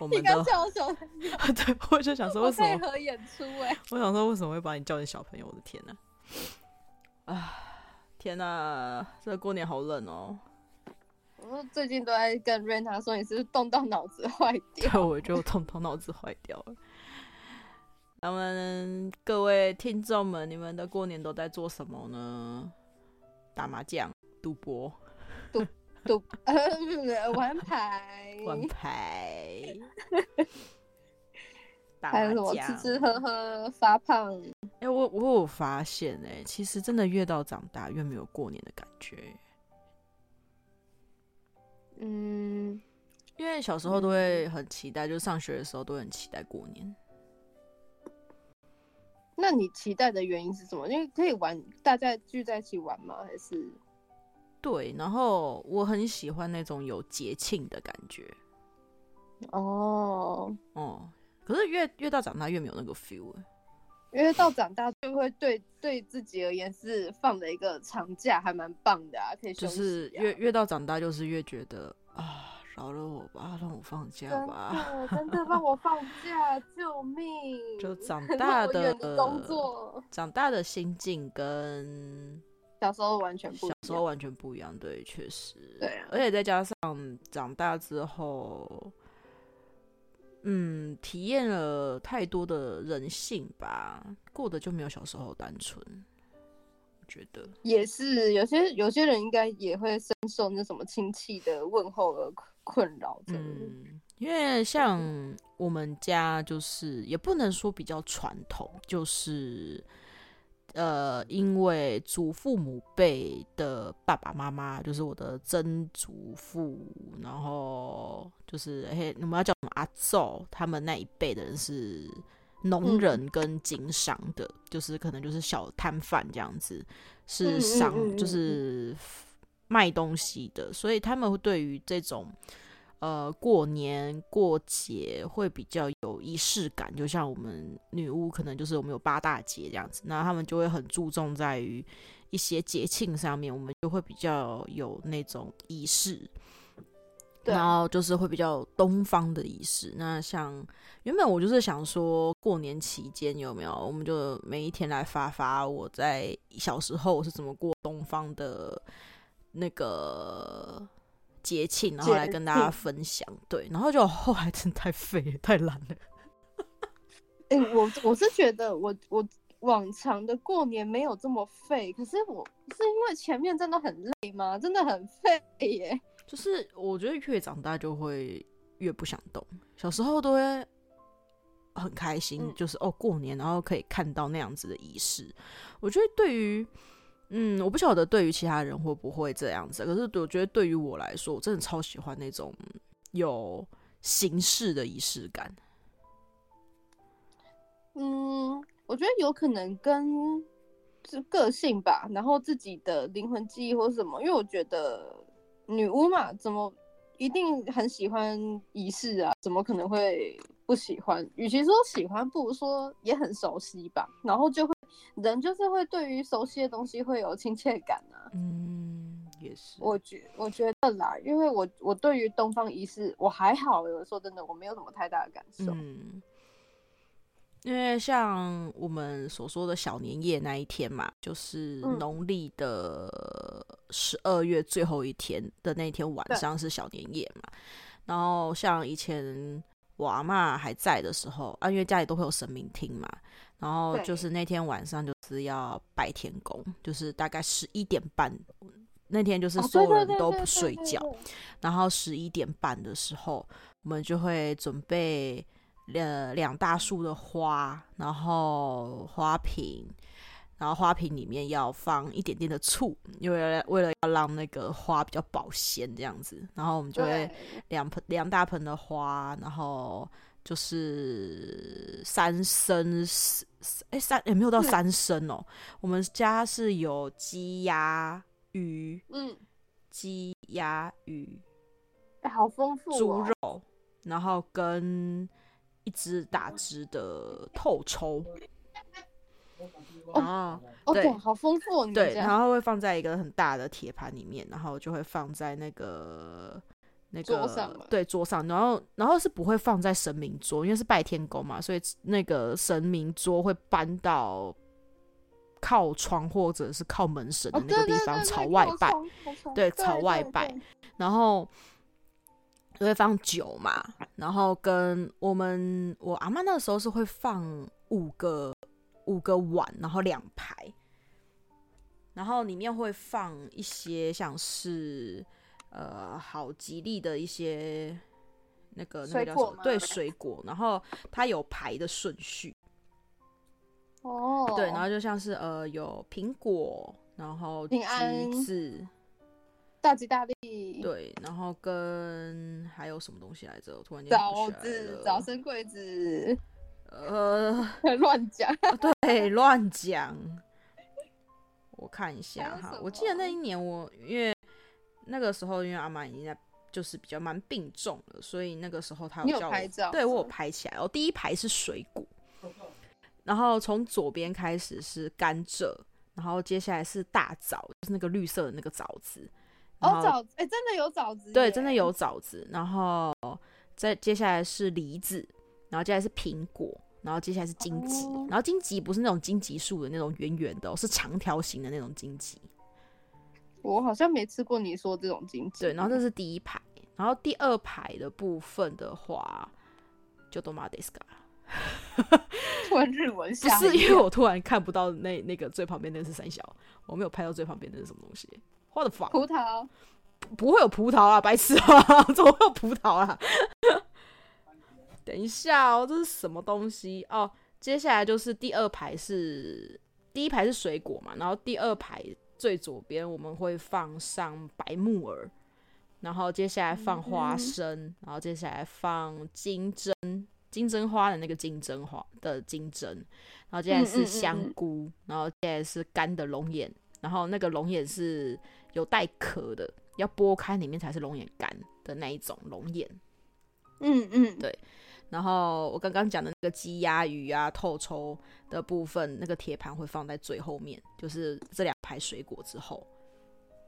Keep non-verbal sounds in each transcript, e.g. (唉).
我們你剛笑什麼？(laughs) 對，我就想說為什麼我、欸、我想說為什麼會把你叫成小朋友？我的天吶！啊，天吶，這個、過年好冷哦。我說最近都在跟 Reena 說你是不是動到腦子壞掉。對，我就動到腦子壞掉了。那麼 (laughs) 各位聽眾們，你們的過年都在做什麼呢？打麻將、賭博、賭。(laughs) 呃 (laughs)，玩牌，(laughs) 玩牌，(laughs) 還有什麼吃吃喝喝發胖？哎、欸，我我有發現哎、欸，其實真的越到長大越沒有過年的感覺。嗯，因為小時候都會很期待，嗯、就是上學的時候都很期待過年。那你期待的原因是什麼？因為可以玩，大家聚在一起玩嗎？還是？對，然後我很喜歡那種有節慶的感覺。哦、oh. 哦、嗯，可是越越到長大越沒有那個 feel，因、欸、為到長大就會對對自己而言是放了一個長假，還蠻棒的啊，可以、啊、就是越越到長大就是越覺得啊，饒了我吧，讓我放假吧，真的讓我放假，(laughs) 救命！就長大的，的工作，長大的心境跟，小時候完全不，小時候完全不一樣，對，確實，對啊，而且再加上長大之後，嗯，體驗了太多的人性吧，過得就沒有小時候單純，我覺得也是，有些有些人應該也會深受那什麼親戚的問候而困擾，嗯，因為像我們家就是也不能說比較傳統，就是。呃，因為祖父母輩的爸爸媽媽就是我的曾祖父，然後就是，而、欸、我們要叫什麼阿祖，他們那一輩的人是農人跟經商的，嗯，就是可能就是小攤販這樣子，是商，就是賣東西的，所以他們會對於這種。呃，過年過節會比較有儀式感，就像我們女巫可能就是我們有八大節這樣子，那他們就會很注重在於一些節慶上面，我們就會比較有那種儀式，然後就是會比較有東方的儀式。那像原本我就是想說，過年期間有沒有，我們就每一天來發發我在小時候是怎麼過東方的，那個。節慶，然後來跟大家分享，對，然後就後來、哦、真的太廢太懶了。哎 (laughs)、欸，我我是覺得我，我我往常的過年沒有這麼廢，可是我是因為前面真的很累嗎？真的很廢耶。就是我覺得越長大就會越不想動，小時候都會很開心，嗯、就是哦過年，然後可以看到那樣子的儀式。我覺得對於嗯，我不曉得對於其他人會不會這樣子，可是我覺得對於我來說，我真的超喜歡那種有形式的儀式感。嗯，我覺得有可能跟是個性吧，然後自己的靈魂記憶或者什麼，因為我覺得女巫嘛，怎麼一定很喜歡儀式啊？怎麼可能會不喜歡？與其說喜歡，不如說也很熟悉吧，然後就會。人就是會對於熟悉的東西會有親切感啊。嗯，也是。我覺得我覺得啦，因為我我對於東方儀式我還好，欸，有的說真的，我沒有什麼太大的感受。嗯，因為像我們所說的小年夜那一天嘛，就是農曆的十二月最後一天的那天晚上是小年夜嘛。然後像以前我阿嬤還在的時候，啊，因為家裡都會有神明廳嘛。然後就是那天晚上就是要拜天公，就是大概十一點半，那天就是所有人都不睡覺，對對對對對對，然後十一點半的時候，我們就會準備兩兩大束的花，然後花瓶，然後花瓶裡面要放一點點的醋，因為為了要讓那個花比較保鮮這樣子，然後我們就會兩盆兩大盆的花，然後。就是三牲三，哎、欸、三也、欸、沒有到三牲哦、嗯。我們家是有雞鴨魚，嗯，雞鴨魚，哎、欸、好豐富、哦，豬肉，然後跟一只大隻的透抽，啊、哦、對、哦、okay, 好豐富、哦，對，然後會放在一個很大的鐵盤裡面，然後就會放在那個。那個桌，對桌上，然後然後是不會放在神明桌，因為是拜天公嘛，所以那個神明桌會搬到靠窗或者是靠門神的那個地方，哦、對對對對，朝外拜，對，朝外拜。對對對對，然後會放酒嘛，然後跟我們我阿嬤那時候是會放五個五個碗，然後兩排，然後裡面會放一些像是。呃，好吉利的一些那個那個叫什麼？對，水果。然後它有排的順序。哦，oh，對，然後就像是呃，有蘋果，然後橘子，大吉大利。對，然後跟還有什麼東西來着？我突然間想不起來了。早子，早生貴子。呃，亂 (laughs) 講(亂講)。(laughs) 對，亂講。我看一下哈，我記得那一年我因為。那個時候，因為阿媽已經在，就是比較蠻病重了，所以那個時候她有叫我，對我有拍起來。然後，第一排是水果是，然後從左邊開始是甘蔗，然後接下來是大棗，就是那個綠色的那個棗子。哦，棗，哎、欸，真的有棗子？對，真的有棗子。然後再接下來是梨子，然後接下來是蘋果，然後接下來是金桔，哦、然後金桔不是那種金桔樹的那種圓圓的、哦，是長條形的那種金桔。我好像沒吃過你說這種精致。對，然後這是第一排，然後第二排的部分的話，就都 o m a r d e 突然日文，(laughs) 不是因為我突然看不到那那個最旁邊那是三小，我沒有拍到最旁邊那是什麼東西，What the fuck。葡萄不，不會有葡萄啊，白痴啊，(laughs) 怎麼會有葡萄啊？(laughs) 等一下哦，這是什麼東西？哦，接下來就是第二排是第一排是水果嘛，然後第二排。最左邊我們會放上白木耳，然後接下來放花生，然後接下來放金針，金針花的那個金針花的金針，然後接下來是香菇，然後接下來是乾的龍眼，然後那個龍眼是有帶殼的，要剝開裡面才是龍眼乾的那一種龍眼。嗯嗯，對。然後我剛剛講的那個雞鴨啊魚啊透抽的部分，那個鐵盤會放在最後面，就是這兩。排水果之後，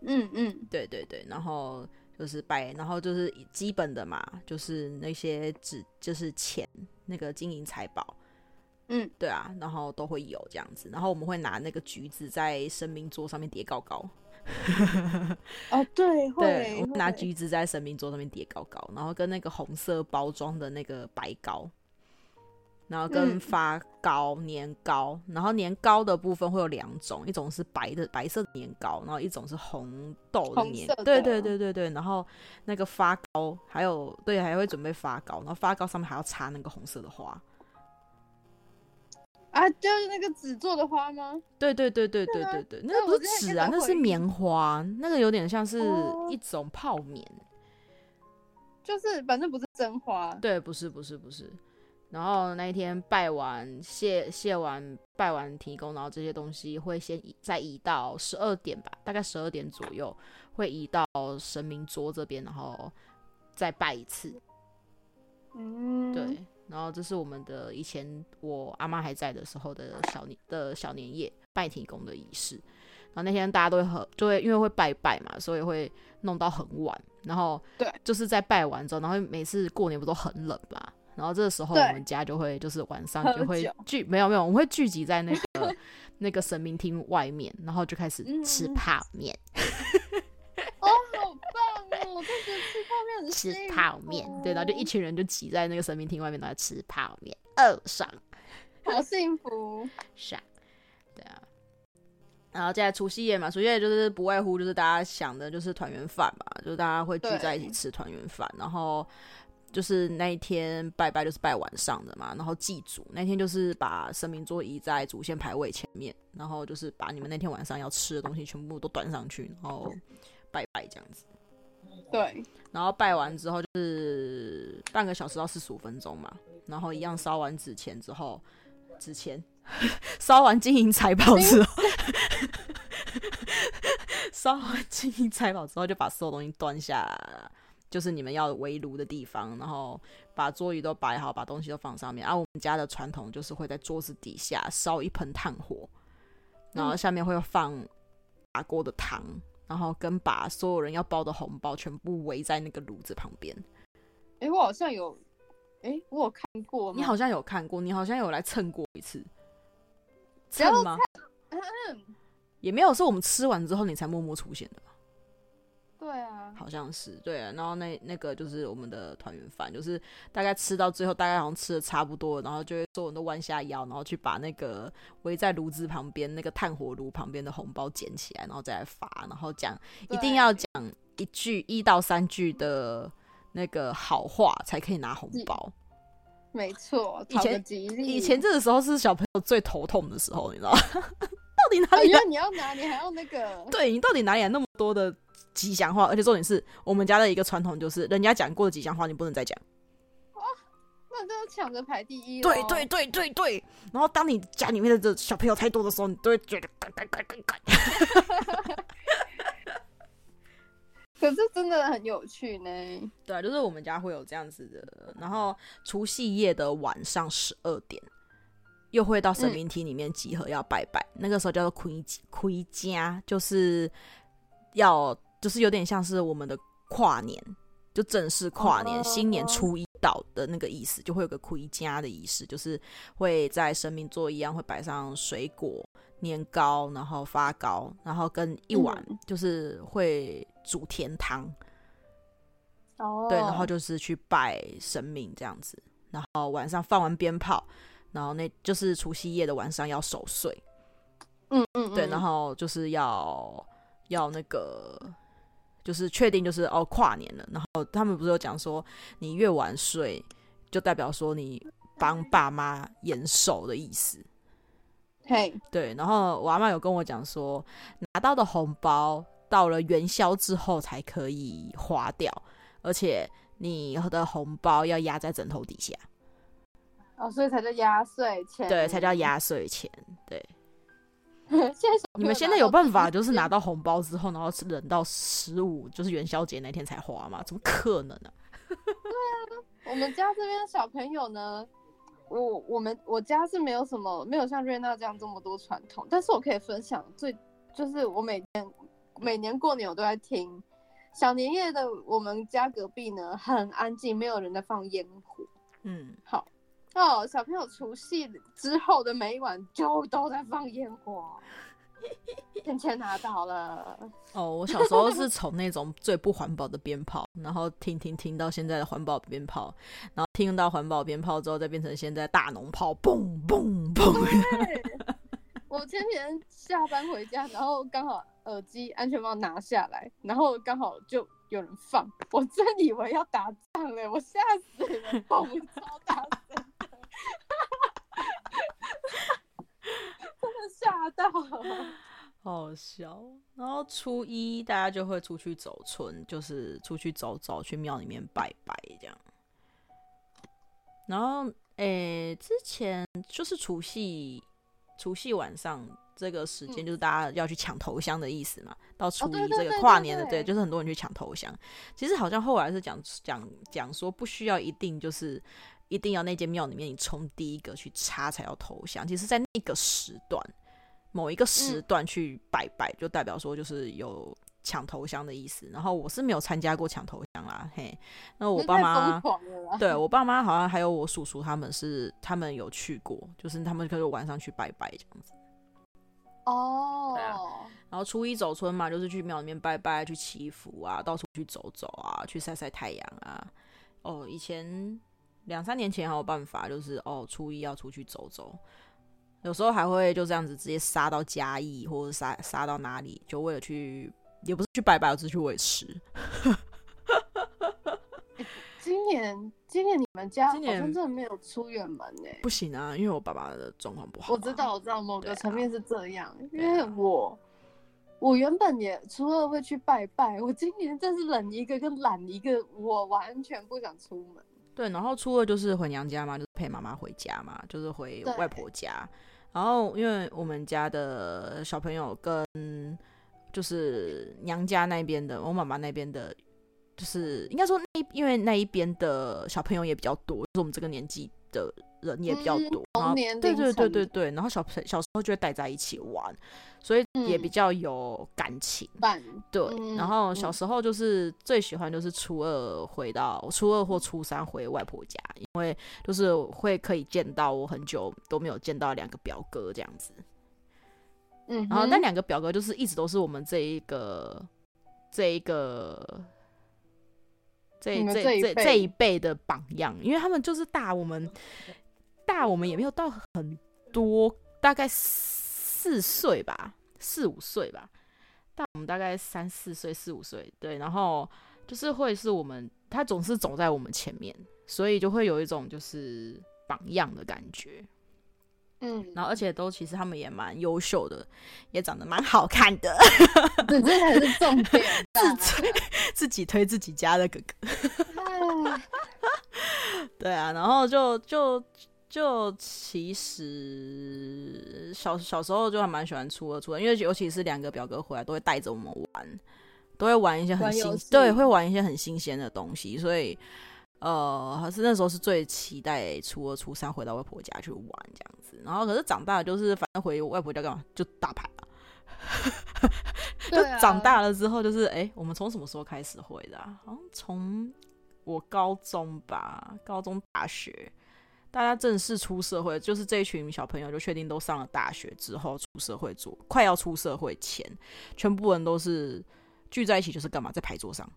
嗯嗯，對對對，然後就是擺，然後就是基本的嘛，就是那些紙，就是錢，那個金銀財寶，嗯，對啊，然後都會有這樣子，然後我們會拿那個橘子在神明桌上面疊高高，(laughs)(laughs)哦對，對，會，我們拿橘子在神明桌上面疊高高，然後跟那個紅色包裝的那個白糕。然後跟發糕、嗯、年糕，然後年糕的部分會有兩種，一種是白的白色的年糕，然後一種是紅豆的年糕。對、啊、對對對對。然後那個發糕，還有對，還會準備發糕，然後發糕上面還要插那個紅色的花。啊，就是那個紙做的花嗎？對對對對對對對，對啊、那不是紙啊那，那是棉花，那個有點像是一種泡棉，哦、就是反正不是真花。對，不是不是不是。然後那一天拜完、謝謝完、拜完天公，然後這些東西會先移，再移到十二點吧，大概十二點左右會移到神明桌這邊，然後再拜一次。嗯，對。然後這是我們的，以前我阿媽還在的時候的小年的小年夜拜天公的儀式。然後那天大家都會很，就會因為會拜拜嘛，所以會弄到很晚。然後對，就是在拜完之後，然後每次過年不都很冷嘛？然後這個時候，我們家就會就是晚上就會聚，沒有沒有，我們會聚集在那個 (laughs) 那個神明廳外面，然後就開始吃泡麵。嗯、(laughs) 好好哦，好棒哦，我就覺得吃泡麵很幸福。吃泡麵。對，然後就一群人就擠在那個神明廳外面，都在吃泡麵，二、哦、爽。好幸福，爽。對啊，然後再來除夕夜嘛，除夕夜就是不外乎就是大家想的就是團圓飯嘛，就是大家會聚在一起吃團圓飯，然後。就是那一天拜拜，就是拜晚上的嘛，然後祭祖。那天就是把神明桌移在祖先牌位前面，然後就是把你們那天晚上要吃的東西全部都端上去，然後拜拜這樣子。對。然後拜完之後就是半個小時到四十五分鐘嘛，然後一樣燒完紙錢之後，紙錢 (laughs) 燒完金銀財寶之後 (laughs)，(laughs) (laughs) 燒完金銀財寶之後就把所有東西端下來。就是你們要圍爐的地方，然後把桌椅都擺好，把東西都放上面。啊，我們家的傳統就是會在桌子底下燒一盆炭火，然後下面會放大鍋的湯，然後跟把所有人要包的紅包全部圍在那個爐子旁邊。哎、欸，我好像有，哎、欸，我有看過。你好像有看過，你好像有來蹭過一次，這樣嗎、嗯？也沒有，是我們吃完之後你才默默出現的。對啊，好像是對啊，然後那那個就是我們的團圓飯，就是大概吃到最後，大概好像吃的差不多，然後就會所有人都彎下腰，然後去把那個圍在爐子旁邊那個炭火爐旁邊的紅包撿起來，然後再來發，然後講一定要講一句一到三句的那個好話才可以拿紅包。沒錯，以前以前這個時候是小朋友最頭痛的時候，你知道嗎？(laughs) 到底哪裡、哎？你要拿，你還要那個？對，你到底哪裡來那麼多的吉祥話？而且重點是我們家的一個傳統，就是人家講過的吉祥話，你不能再講。哇，那真的搶着排第一。對,對對對對對。然後當你家裡面的這小朋友太多的時候，你都會覺得快快快快快。(laughs) 可是真的很有趣呢。對，就是我們家會有這樣子的。然後除夕夜的晚上十二點。又會到神明廳裡面集合，要拜拜，嗯。那個時候叫做“魁家”，就是要就是有點像是我們的跨年，就正式跨年，新年初一到的那個意思，就會有個魁家的儀式，就是會在神明桌一樣會擺上水果、年糕，然後發糕，然後跟一碗就是會煮甜湯，嗯。對，然後就是去拜神明這樣子，然後晚上放完鞭炮。然後那就是除夕夜的晚上要守歲，嗯嗯，嗯，對，然後就是要要那個，就是確定就是哦跨年了。然後他們不是有講說，你越晚睡，就代表說你幫爸媽延壽的意思。嘿，對。然後我阿媽有跟我講說，拿到的紅包到了元宵之後才可以花掉，而且你的紅包要壓在枕頭底下。哦，所以才叫壓歲錢。對，才叫壓歲錢。對，(laughs) 你們現在有辦法，就是拿到紅包之後，(laughs) 然後忍到十五，就是元宵節那天才花嗎？怎麼可能呢、啊？對啊，我們家這邊的小朋友呢，我我們我家是沒有什麼，沒有像瑞娜這樣這麼多傳統。但是我可以分享，最就是我每天每年過年我都在聽小年夜的，我們家隔壁呢很安靜，沒有人在放煙火。嗯，好。哦，小朋友除夕之後的每一晚就都在放煙火，倩 (laughs) 倩拿到了。哦，我小時候是從那種最不環保的鞭炮，(laughs) 然後聽聽聽，聽到現在的環保鞭炮，然後聽到環保鞭炮之後，再變成現在大農炮，嘣嘣嘣。對，我天天下班回家，(laughs) 然後剛好耳機安全帽拿下來，然後剛好就有人放，我真以為要打仗了，我嚇死了，爆超大聲。(laughs) (laughs) 真的嚇到了，好笑。然後初一大家就會出去走春，就是出去走走，去廟裡面拜拜這樣。然後，誒、欸，之前就是除夕，除夕晚上這個時間就是大家要去搶頭香的意思嘛、嗯？到初一這個跨年的、哦、對，對，對，對，對，對，對，就是很多人去搶頭香。其實好像後來是講講講說，不需要一定就是。一定要那間廟裡面，你衝第一個去插才要頭香。其實，在那個時段，某一個時段去拜拜，嗯、就代表說就是有搶頭香的意思。然後我是沒有參加過搶頭香啊。嘿。那我爸媽，對我爸媽好像還有我叔叔，他們是他們有去過，就是他們可以晚上去拜拜這樣子。哦，啊、然後初一走春嘛，就是去廟裡面拜拜，去祈福啊，到處去走走啊，去曬曬太陽啊。哦，以前。兩三年前還有辦法，就是哦，初一要出去走走，有時候還會就這樣子直接殺到嘉義，或者殺殺到哪裡，就為了去，也不是去拜拜，我只是去維持。(laughs) 今年，今年你們家今年好像真的沒有出遠門哎，不行啊，因為我爸爸的狀況不好啊。我知道，我知道，某個層面是這樣啊。因為我，我原本也除了會去拜拜，我今年真是冷一個跟懶一個，我完全不想出門。對，然後初二就是回娘家嘛，就是陪媽媽回家嘛，就是回外婆家。然後因為我們家的小朋友跟就是娘家那邊的，我媽媽那邊的，就是應該說那因為那一邊的小朋友也比較多，就是我們這個年紀的人也比較多。對、嗯、對對對對，然後小朋小時候就會待在一起玩。所以也比較有感情，嗯、對、嗯。然後小時候就是最喜歡就是初二回到、嗯、初二或初三回外婆家，因為就是會可以見到我很久都沒有見到兩個表哥這樣子。嗯，然後那兩個表哥就是一直都是我們這一個這一個這這一這這，這一輩的榜樣，因為他們就是大我們大我們也沒有到很多，大概四歲吧。四五歲吧，但我們大概三四歲，四五歲對，然後就是會是我們他總是走在我們前面，所以就會有一種就是榜樣的感覺，嗯，然後而且都其實他們也蠻優秀的，也長得蠻好看的，對，這才是重點，自 (laughs) 推自己推自己家的哥哥，(laughs) (唉) (laughs) 對啊，然後就就就其實。小小時候就還蠻喜歡初二、初三，因為尤其是兩個表哥回來都會帶着我們玩，都會玩一些很新，對，會玩一些很新鮮的東西，所以呃，還是那時候是最期待初二、初三回到外婆家去玩這樣子。然後，可是長大就是反正回外婆家幹嘛就打牌了 (laughs)、對啊。就長大了之後就是哎、欸，我們從什麼時候開始回的，啊？好像從我高中吧，高中、大學，大家正式出社會，就是這一群小朋友就確定都上了大學之後出社會做，快要出社會前，全部人都是聚在一起，就是幹嘛，在牌桌上？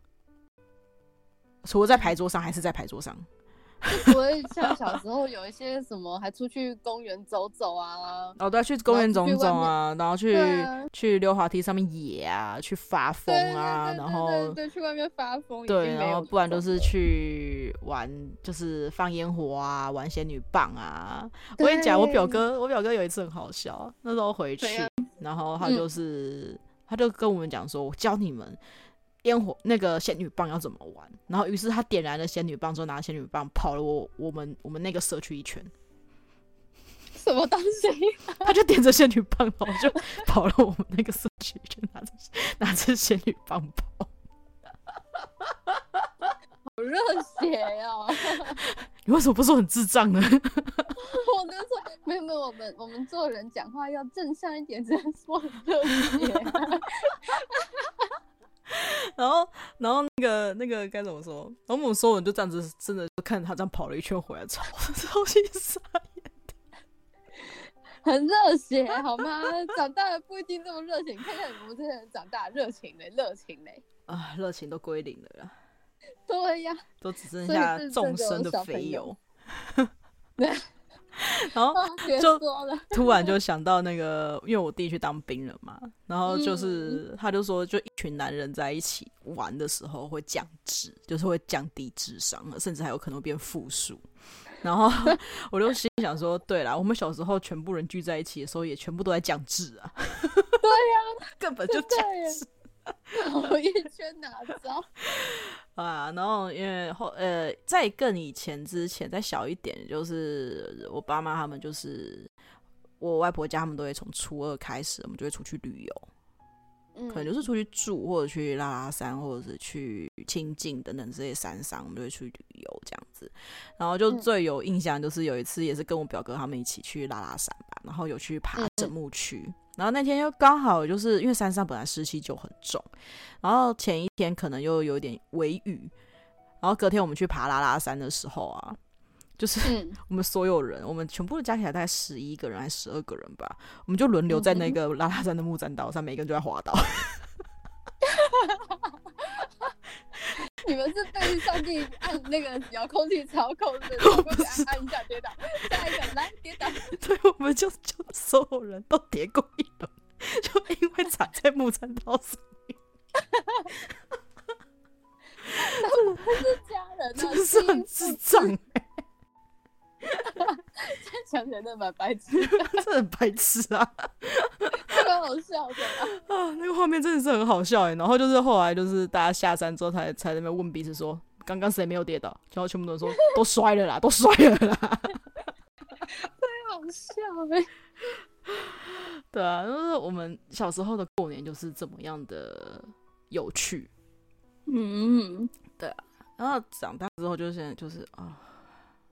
除了在牌桌上，還是在牌桌上？(laughs)(laughs)我也像小時候有一些什麼，還出去公園走走啊？哦，對，去公園走走啊，然後去然後去、啊、去溜滑梯上面野啊，去發瘋啊，對對對，然後對，對，對，對，去外面發瘋。對，然後不然都是去玩，就是放煙火啊，玩仙女棒啊。我跟你講，我表哥，我表哥有一次很好笑，那時候回去，然後他就是、嗯、他就跟我們講說，我教你們。煙火那個仙女棒要怎麼玩？然後於是他點燃了仙女棒，之後拿着仙女棒跑了我、我們我們那個社區一圈。什麼東西？(laughs) 他就點着仙女棒，然後就跑了我們那個社區，(laughs) 就拿着拿着仙女棒跑。好熱血呀，哦！(laughs) 你為什麼不說很智障呢？(laughs) 我能說沒有沒有，我們我們做人講話要正向一點，這樣說很熱血啊 (laughs) 然後，然後那個那個該怎麼說？然後我們所有人就這樣子，真的就看着他這樣跑了一圈回來，超開心，超傻眼的，很熱血，好嗎？(laughs) 長大了不一定這麼熱情，看看我們這些人長大的熱，熱情嘞，熱情嘞，啊，熱情都歸零了啦，對呀、啊，都只剩下眾生的肥油，對。(laughs)(laughs) (laughs) 然後就突然就想到那個，因為我弟去當兵了嘛，然後就是他就說，就一群男人在一起玩的時候會降智，就是會降低智商，甚至還有可能變負數。然後我就心想說，對啦，我們小時候全部人聚在一起的時候，也全部都在降智啊。對呀，根本就降智 (laughs) (laughs) 我一圈拿走 (laughs) 啊？然後因為後呃，在更以前之前再小一點，就是我爸媽他們就是我外婆家，他們都會從初二開始，我們就會出去旅遊，嗯，可能就是出去住或者去拉拉山，或者是去清境等等這些山上，我們就會去旅遊這樣子。然後就最有印象就是有一次也是跟我表哥他們一起去拉拉山吧，然後有去爬神木區。嗯然後那天又剛好就是因為山上本來濕氣就很重，然後前一天可能又有點微雨，然後隔天我們去爬拉拉山的時候啊，就是我們所有人，我們全部加起來大概十一個人還是十二個人吧，我們就輪流在那個拉拉山的木棧道上，每個人就在滑倒。(laughs)(laughs)你們是被上帝按那個遙控器操控的，過去按，按一下跌倒，下一個來跌倒。對，我們就就所有人都跌過一輪，(laughs) 就因為踩在木鏟刀上。哈哈哈，他們不是家人、啊，真 (laughs) (第一次笑)是很智障。哈 (laughs)，想起來那蠻白痴，真的 (laughs) 白痴啊！太好笑的啊！啊，那個畫面真的是很好笑哎。然後就是後來就是大家下山之後才才在那邊問彼此說，剛剛誰沒有跌倒？然後全部都說都摔了啦，都摔了啦！太好笑了 (laughs) (laughs)。(laughs) (laughs) 對啊，就是我們小時候的過年就是怎麼樣的有趣。嗯，對啊。然後長大之後就是現在就是啊。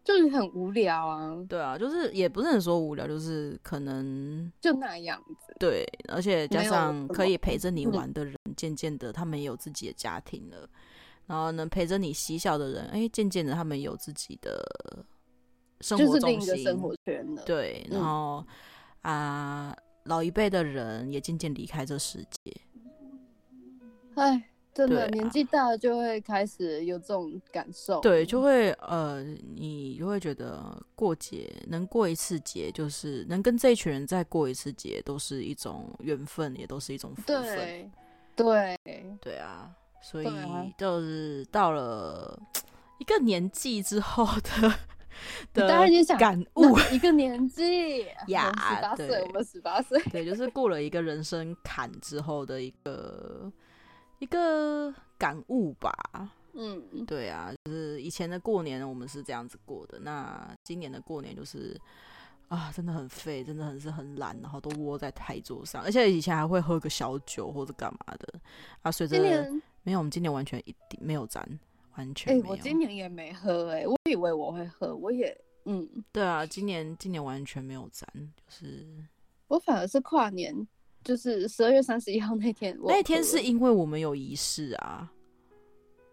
就是很無聊啊，對啊，就是也不是很說無聊，就是可能就那樣子。對，而且加上可以陪着你玩的人，漸漸的他們有自己的家庭了，嗯、然後能陪着你嬉笑的人，哎、欸，漸漸的他們有自己的生活中心、就是、生活圈了。對，然後、嗯、啊，老一輩的人也漸漸離開這世界。哎。真的、啊、年紀大了就會開始有這種感受，對，就會呃，你就會覺得過節能過一次節，就是能跟這一群人再過一次節，都是一種緣分，也都是一種福分，對，對，對啊，所以就是到了一個年紀之後的、啊、(laughs) 的感悟，一個年紀，十八歲，我們十八歲，對，就是過了一個人生坎之後的一個。一個感悟吧，嗯，對啊，就是以前的過年我們是這樣子過的，那今年的過年就是啊，真的很廢，真的很是很懶，然後都窩在台桌上，而且以前還會喝個小酒或者幹嘛的啊。隨着沒有，我們今年完全一沒有沾，完全、欸。我今年也沒喝、欸，哎，我以為我會喝，我也，嗯，對啊，今年今年完全沒有沾，就是我反而是跨年。就是十二月三十一號那天，那天是因為我們有儀式啊。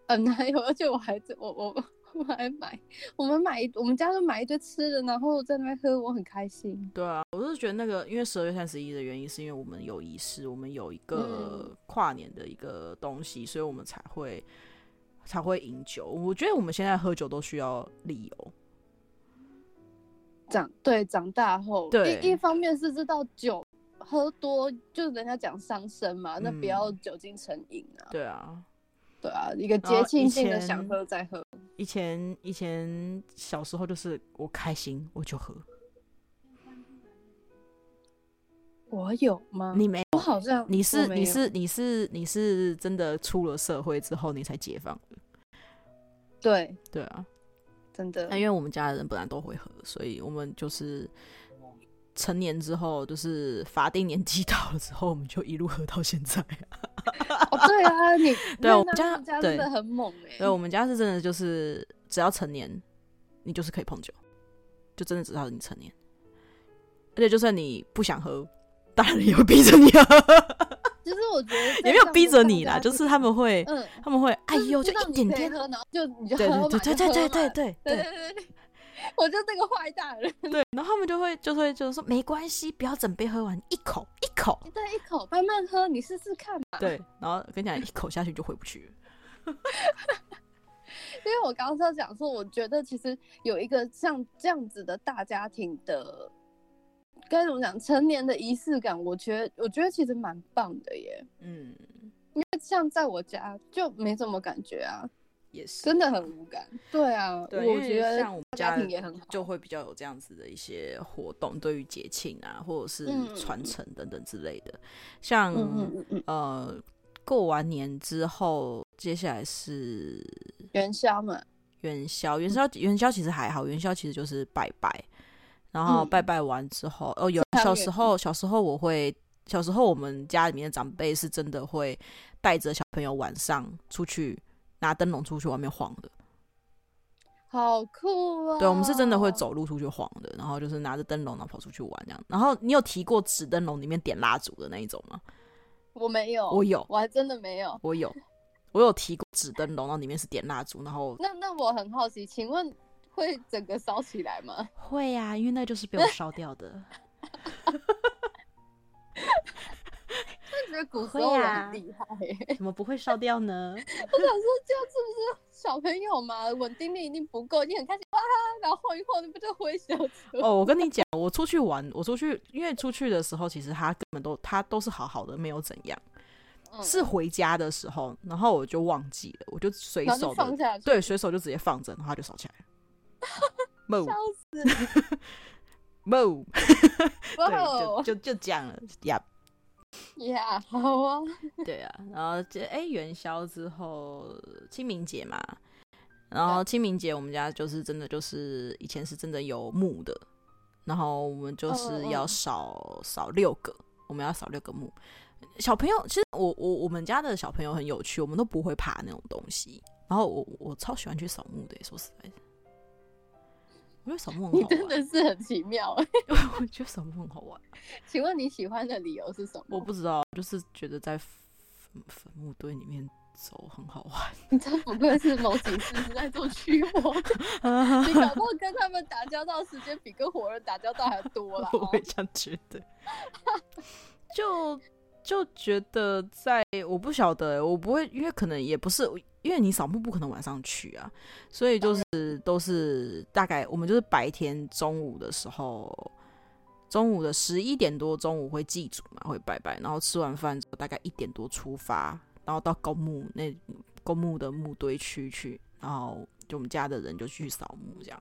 嗯，還有，而且我還我我我還買，我們買我們家都買一堆吃的，然後在那邊喝，我很開心。對啊，我是覺得那個，因為十二月三十一的原因，是因為我們有儀式，我們有一個跨年的一個東西，嗯、所以我們才會才會飲酒。我覺得我們現在喝酒都需要理由。長對長大後，對，一，一方面是知道酒。喝多就是人家講傷身嘛，那不要酒精成癮啊、嗯。對啊，對啊，一個節慶性的想喝再喝。以前以前，以前小時候就是我開心我就喝，我有嗎？你沒？我好像你是你是你是你是，你是真的出了社會之後你才解放的。對對啊，真的。那因為我們家的人本來都會喝，所以我們就是。成年之後，就是法定年紀到了之後，我們就一路喝到現在。(laughs) oh, 對啊，你對，我們，對我們家真的很猛對。對，我們家是真的，就是只要成年，你就是可以碰酒，就真的只要你成年，而且就算你不想喝，當然你也會逼着你喝啊。其 (laughs) 實我覺得也沒有逼着你啦，就是他們會，嗯，他們會，哎呦，就，是就一點點喝，呃，然後就你就喝對對對對對對對。我就這個壞蛋，對，然後他們就會就會就是說沒關係，不要整杯喝完，一口一口，再一口慢慢喝，你試試看嘛。對，然後跟你講，一口下去就回不去 (laughs) 因為我剛剛在講說，我覺得其實有一個像這樣子的大家庭的該怎麼講成年的儀式感，我覺得我覺得其實蠻棒的耶。嗯，因為像在我家就沒什麼感覺啊。也是，真的很無感。對啊，對，我覺得像我們家庭也很好，就會比較有這樣子的一些活動，對於節慶啊，或者是傳承等等之類的。嗯、像、嗯、呃，過完年之後，接下來是元宵嘛？元宵，元宵，元宵其實還好，元宵其實就是拜拜，然後拜拜完之後，嗯、哦，有小時候，小時候我會，小時候我們家裡面的長輩是真的會帶着小朋友晚上出去。拿燈籠出去外面晃的，好酷啊！對，我們是真的會走路出去晃的，然後就是拿着燈籠，然後跑出去玩這樣。然後你有提過紙燈籠裡面點蠟燭的那一種嗎？我沒有，我有，我還真的沒有，我有，我有提過紙燈籠，然後裡面是點蠟燭，然後 (laughs) 那那我很好奇，請問會整個燒起來嗎？會呀、啊，因為那就是被我燒掉的。(laughs)(laughs)這骨很厲害會害、啊，怎麼不會燒掉呢？我 (laughs) 想說，就是不是小朋友嘛，穩定力一定不夠，你很開心哇，然後晃一晃，你不就會燒哦，我跟你講，我出去玩，我出去，因為出去的時候其實他根本都他都是好好的，沒有怎樣、嗯。是回家的時候，然後我就忘記了，我就隨手就放下了，對，隨手就直接放着，然後他就燒起來。笑死 <Moe. 笑 >，move，(laughs) <Moe. 笑>對，就就就這樣了 y、yep. 呀、yeah, 哦，好啊！對啊，然後就誒、欸，元宵之後，清明節嘛，然後清明節我們家就是真的就是以前是真的有墓的，然後我們就是要掃掃、oh, oh, oh. 六個，我們要掃六個墓。小朋友，其實我我我們家的小朋友很有趣，我們都不會怕那種東西，然後我我超喜歡去掃墓的，說實在的。因為什麼很好玩？你真的是很奇妙。因 (laughs) 我覺得什麼很好玩？請問你喜歡的理由是什麼？我不知道，就是覺得在墳墓堆裡面走很好玩。你這不愧是某幾次是在做驅魔，(laughs)(laughs)(laughs)你搞不好跟他們打交道時間比跟活人打交道還多啦。我也這樣覺得。(laughs)(laughs)就。就覺得在我不曉得、欸，我不會，因為可能也不是，因為你掃墓不可能晚上去啊，所以就是都是大概我們就是白天中午的時候，中午的十一點多，中午會祭祖嘛，會拜拜，然後吃完飯大概一點多出發，然後到公墓那公墓的墓堆區去，去，然後就我們家的人就去掃墓這樣。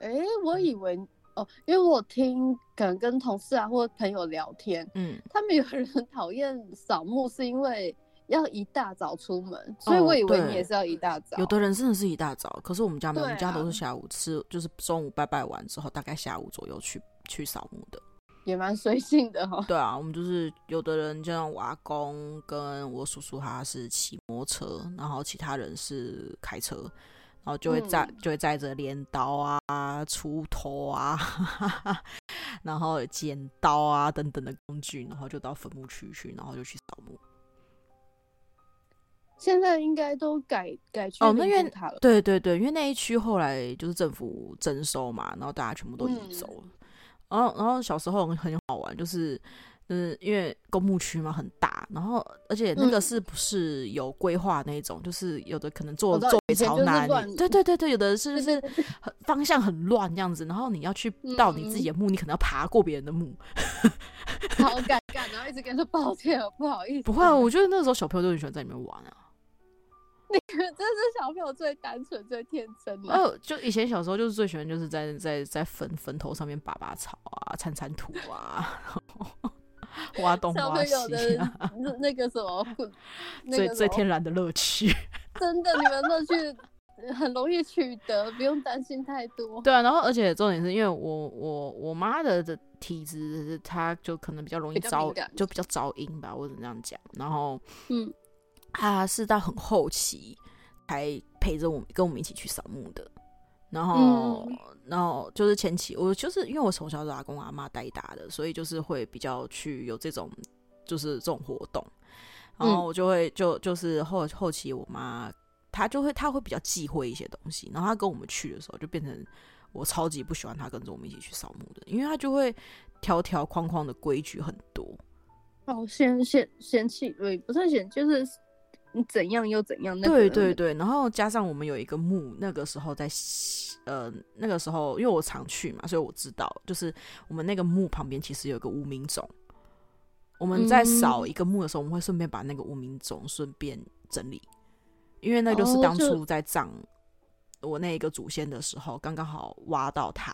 哎、欸，我以為。嗯哦，因為我聽可能跟同事啊或者朋友聊天，嗯，他們有人很討厭掃墓，是因為要一大早出門，哦，所以我以為你也是要一大早。有的人真的是一大早，可是我們家沒有，啊，我們家都是下午吃，就是中午拜拜完之後，大概下午左右去去掃墓的，也蠻隨性的哈，哦。對啊，我們就是有的人就像我阿公跟我叔叔他是騎摩托車，然後其他人是開車。然後就會載、嗯，就會載着鐮刀啊、鋤頭啊，(laughs) 然後剪刀啊等等的工具，然後就到墳墓區去，然後就去掃墓。現在應該都改改去哦，那塔了。對對對，因為那一區後來就是政府徵收嘛，然後大家全部都移走了。然後，然後小時候很好玩，就是。嗯，因為公墓區嘛，很大，然後而且那個是不是有規劃那種、嗯？就是有的可能坐坐北朝南，對對對對，有的是就是很方向很亂這樣子。然後你要去到你自己的墓，嗯、你可能要爬過別人的墓，(laughs) 好尷尬。然後一直跟他說抱歉，不好意思、啊。不會、啊、我覺得那時候小朋友都很喜歡在裡面玩啊。那個真是小朋友最單純、最天真的。呃、嗯哦，就以前小時候就是最喜歡就是在在在墳墳頭上面拔拔草啊，鏟鏟土啊。(laughs) 挖東挖西，啊，那個 (laughs) 那個什麼，最最天然的樂趣。(laughs) 真的，你們樂趣很容易取得，(laughs) 不用擔心太多。對啊，然後而且重點是因為我我我媽的的體質，她就可能比較容易招，就比較招陰吧，或者這樣講。然後，嗯，她是到很後期才陪着我們，跟我們一起去掃墓的。然後、嗯，然後就是前期，我就是因為我從小是阿公阿嬤帶大的，所以就是會比較去有這種就是這種活動，然後我就會就就是後後期我媽她就會她會比較忌諱一些東西，然後她跟我們去的時候就變成我超級不喜歡她跟着我們一起去掃墓的，因為她就會條條框框的規矩很多，哦，嫌嫌嫌棄對，不是嫌就是。你怎樣又怎樣，那呢？對對對，然後加上我們有一個墓，那個時候在呃那個時候，因為我常去嘛，所以我知道，就是我們那個墓旁邊其實有個無名冢。我們在掃一個墓的時候，嗯、我們會順便把那個無名冢順便整理，因為那就是當初在葬。哦我那一個祖先的時候，剛剛好挖到他，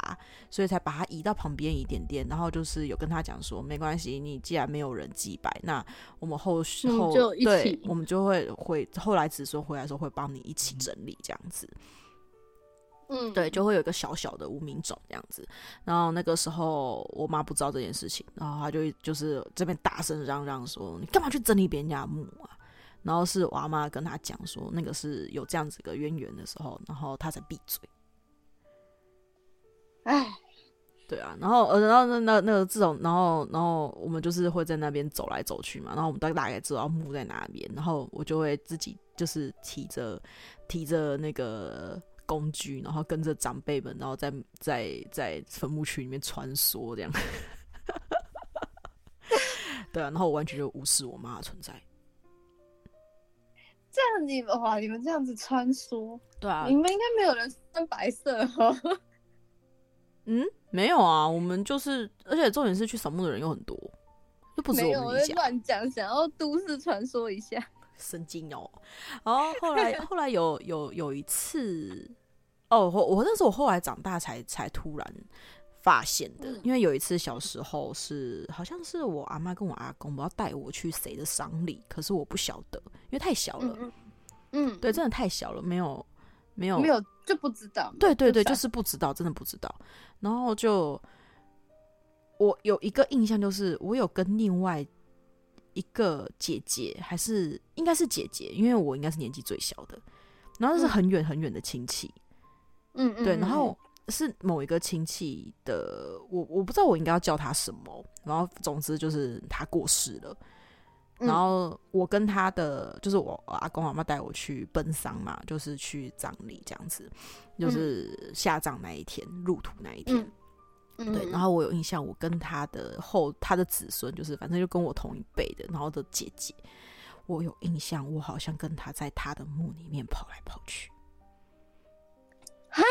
所以才把他移到旁邊一點點。然後就是有跟他講說，沒關係，你既然沒有人祭拜，那我們後續後對，我們就會會後來子孫回來時候會幫你一起整理、嗯、這樣子。嗯，對，就會有一個小小的無名塚這樣子。然後那個時候我媽不知道這件事情，然後她就就是這邊大聲嚷嚷說：“你幹嘛去整理別人家墓啊？”然後是我阿嬤，跟他講說，那個是有這樣子一個淵源的時候，然後他才閉嘴。哎，對啊，然後呃，然後那那那這種，然後然後我們就是會在那邊走來走去嘛，然後我們大大概知道墓在哪邊，然後我就會自己就是提着提着那個工具，然後跟着長輩們，然後在在在墳墓區裡面穿梭這樣。(laughs)(laughs)對啊，然後我完全就無視我媽的存在。這樣子哇，你們這樣子穿梭。對啊，你們應該沒有人穿白色哦？嗯，沒有啊，我們就是，而且重點是去掃墓的人又很多，又不止我們一家亂講，想要都市傳說一下。神經哦、喔，哦，後來後來有有有一次，(laughs) 哦，我我那時候我後來長大才才突然。發現的，因為有一次小時候是，好像是我阿嬤跟我阿公，我要帶我去誰的喪禮，可是我不曉得，因為太小了。嗯。嗯，對，真的太小了，沒有，沒有，沒有，就不知道。對對對，就、就是不知道，真的不知道。然後就，我有一個印象，就是我有跟另外一個姐姐，還是應該是姐姐，因為我應該是年紀最小的。然後是很遠很遠的親戚。嗯，對，然後，是某一個親戚的，我我不知道我應該要叫他什麼，然後總之就是他過世了，然後我跟他的就是我阿公阿嬤帶我去奔喪嘛，就是去葬禮這樣子，就是下葬那一天，入土那一天。對，然後我有印象，我跟他的後他的子孫，就是反正就跟我同一輩的，然後的姐姐，我有印象，我好像跟他在他的墓裡面跑來跑去。啊。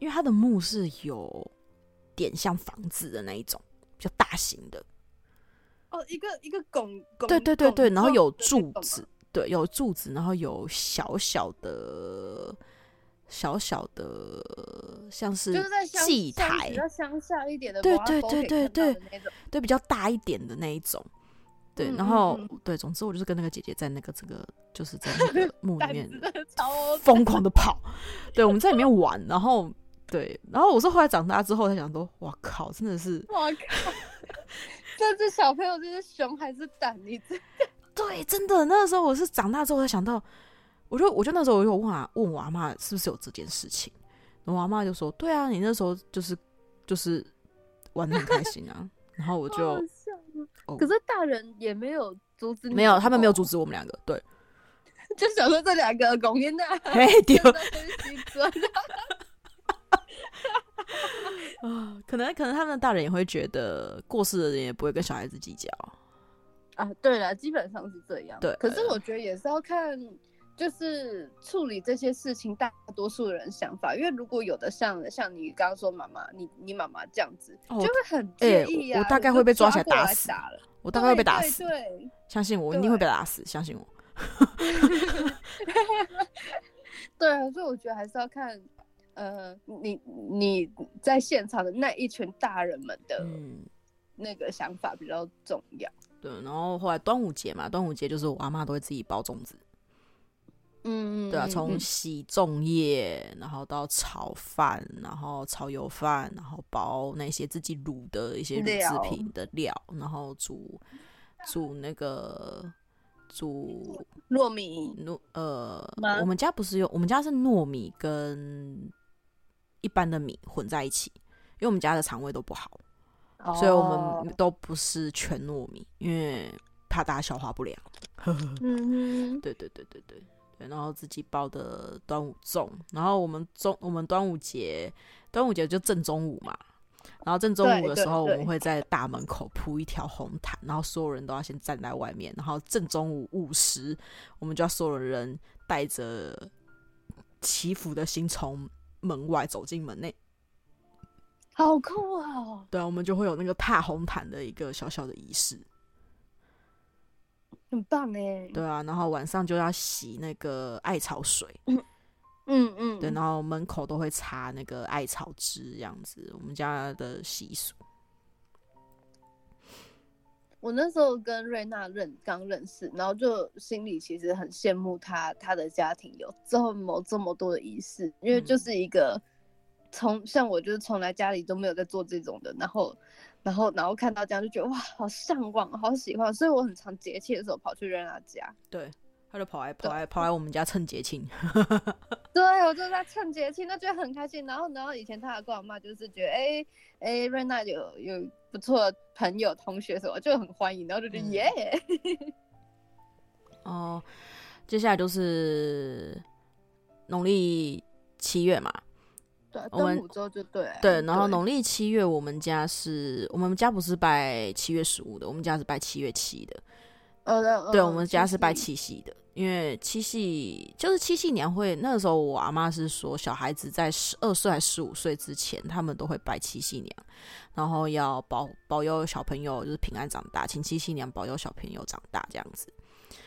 因為它的墓是有點像房子的那一種，比較大型的。哦，一個一個拱拱，對對對對，然後有柱子，對，有柱子，然後有小小的小小的，像是祭台，比較鄉下一點的，滑滑的，對對對對對，對比較大一點的那一種，對，然後嗯嗯嗯對，總之我就是跟那個姐姐在那個這個就是在那個墓裡面瘋狂的跑，(laughs) 對，我們在裡面玩，然後。對，然後我是後來長大之後才想說，哇靠，真的是哇靠，這 (laughs) 些小朋友真是熊孩子膽，你這樣對，真的。那時候我是長大之後才想到，我就我就那時候我就有問啊，問我阿嬤是不是有這件事情，我阿嬤就說，對啊，你那時候就是就是玩得很開心啊，(laughs) 然後我就，好好 oh, 可是大人也沒有阻止你，沒有，他們沒有阻止我們兩個，哦、對，(laughs) 就想說這兩個公、啊，囡 (laughs) 囡 (laughs) (laughs)、啊，哎，丟，啊 (laughs)，可能可能他們大人也會覺得過世的人也不會跟小孩子計較啊。對了，基本上是這樣。對，可是我覺得也是要看，就是處理這些事情，大多數人想法。因為如果有的像像你剛剛說媽媽，你你媽媽這樣子，就會很介意、啊欸、我，我大概會被抓起來打死，打死，我大概會被打死。對，對對，相信我，一定會被打死，相信我。(laughs)(laughs)對啊，所以我覺得還是要看。呃，你你在現場的那一群大人們的那個想法比較重要。嗯、對，然後後來端午節嘛，端午節就是我阿媽都會自己包粽子。嗯對啊，從洗粽葉、嗯，然後到炒飯，然後炒油飯，然後包那些自己滷的一些滷製品的料，料然後煮煮那個煮糯米呃，我們家不是有，我們家是糯米跟。一般的米混在一起，因為我們家的腸胃都不好，oh. 所以我們都不是全糯米，因為怕大家消化不了。(laughs) mm -hmm. 對對對對對對。然後自己包的端午粽，然後我們中我們端午節，端午節就正中午嘛。然後正中午的時候，我們會在大門口鋪一條紅毯，然後所有人都要先站在外面，然後正中午午時，我們就要所有人帶着祈福的心從。門外走進門內，好酷啊、哦！對啊，我們就會有那個踏紅毯的一個小小的儀式，很棒哎。對啊，然後晚上就要洗那個艾草水，嗯嗯，嗯，對，然後門口都會插那個艾草枝，這樣子，我們家的習俗。我那時候跟瑞娜認剛認識，然後就心裡其實很羨慕她，她的家庭有這麼這麼多的儀式，因為就是一個從像我就是從來家裡都沒有在做這種的，然後然後然後看到這樣就覺得哇好嚮往，好喜歡，所以我很常節氣的時候跑去瑞娜家，對，他就跑來跑來跑來我們家蹭節慶，(laughs) 對我就是在蹭節慶，那就很開心。然後然後以前他還跟我媽就是覺得哎哎、欸欸、瑞娜有有。不錯，朋友、同學什麼就很歡迎，嗯、然後就覺得耶。哦，接下來就是農曆七月嘛。對，端午之後就對。對，然後農曆七月，我們家是，我們家不是拜七月十五的，我們家是拜七月七的。Oh, that, oh, that, oh，對，我們家是拜七夕，七夕的。因為七夕就是七夕娘會，那時候我阿媽是說，小孩子在十二歲還十五歲之前，他們都會拜七夕娘，然後要保保佑小朋友就是平安長大，請七夕娘保佑小朋友長大這樣子，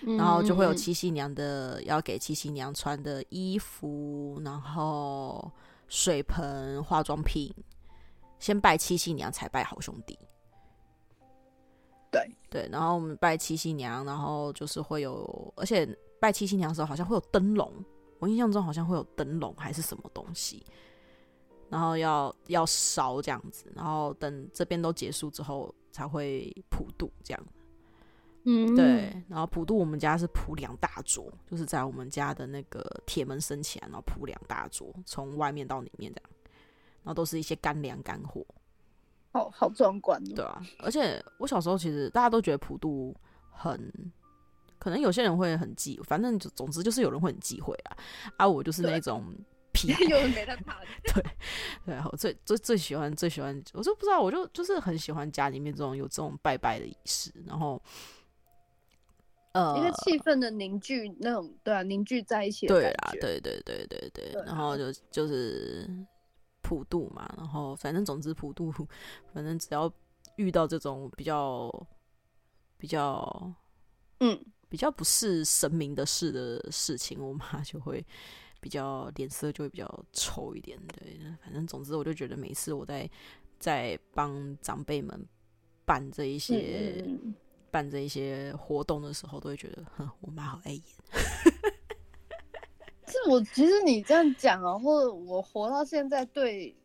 然後就會有七夕娘的要給七夕娘穿的衣服，然後水盆化妝品，先拜七夕娘才拜好兄弟。對對，然後我們拜七夕娘，然後就是會有，而且拜七夕娘的時候好像會有燈籠，我印象中好像會有燈籠還是什麼東西，然後要要燒這樣子，然後等這邊都結束之後才會普渡這樣。嗯，對，然後普渡我們家是鋪兩大桌，就是在我們家的那個鐵門生前，然後鋪兩大桌，從外面到裡面這樣，然後都是一些乾糧乾貨。好好壯觀的，喔，對啊！而且我小時候其實大家都覺得普渡很，可能有些人會很忌，反正總之就是有人會很忌諱啊。啊，我就是那種皮，有人沒在怕的。(laughs) 對對，我最最最喜歡最喜歡，我就不知道，我就就是很喜歡家裡面這種有這種拜拜的儀式，然後呃，一個氣氛的凝聚，那種對啊，凝聚在一起，對啊，對對對對對，對然後就就是。普渡嘛，然後反正總之普渡，反正只要遇到這種比較比較，嗯，比較不是神明的事的事情，我媽就會比較臉色就會比較臭一點。對，反正總之，我就覺得每次我在在幫長輩們辦這一些嗯嗯嗯辦這一些活動的時候，都會覺得，哼，我媽好礙眼。(laughs) 我其實你這樣講啊、喔，或者我活到現在對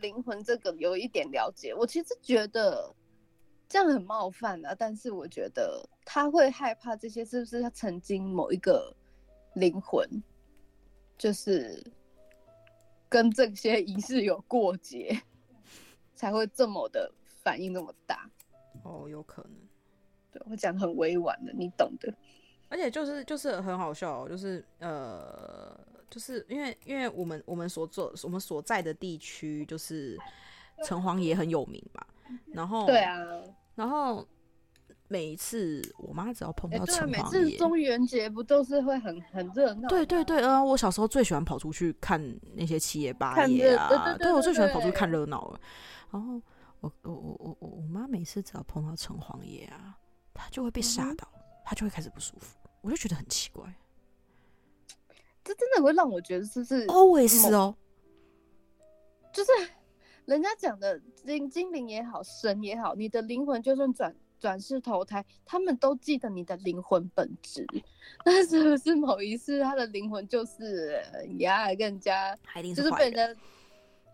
靈魂這個有一點了解，我其實覺得這樣很冒犯啊。但是我覺得他會害怕這些，是不是他曾經某一個靈魂就是跟這些儀式有過節，才會這麼的反應這麼大？哦，有可能。對，我講得很委婉的，你懂的。而且就是就是很好笑、哦，就是呃，就是因為因為我們我們所做我們所在的地區就是城隍爺很有名嘛，然後對啊，然後每一次我媽只要碰到城隍爺，對，每次中元節不都是會很很熱鬧？對對對，啊、呃，我小時候最喜歡跑出去看那些七爺八爺啊，對，對，對，對，對，對，對我最喜歡跑出去看熱鬧了。然後我我我我我我媽每次只要碰到城隍爺啊，她就會被嚇到、嗯，她就會開始不舒服。我就覺得很奇怪，這真的會讓我覺得這是，就是 always 哦,就是人家講的精精靈也好，神也好，你的靈魂就算轉轉世投胎，他們都記得你的靈魂本質。那是不是某一次他的靈魂就是也、yeah, 更加就是被人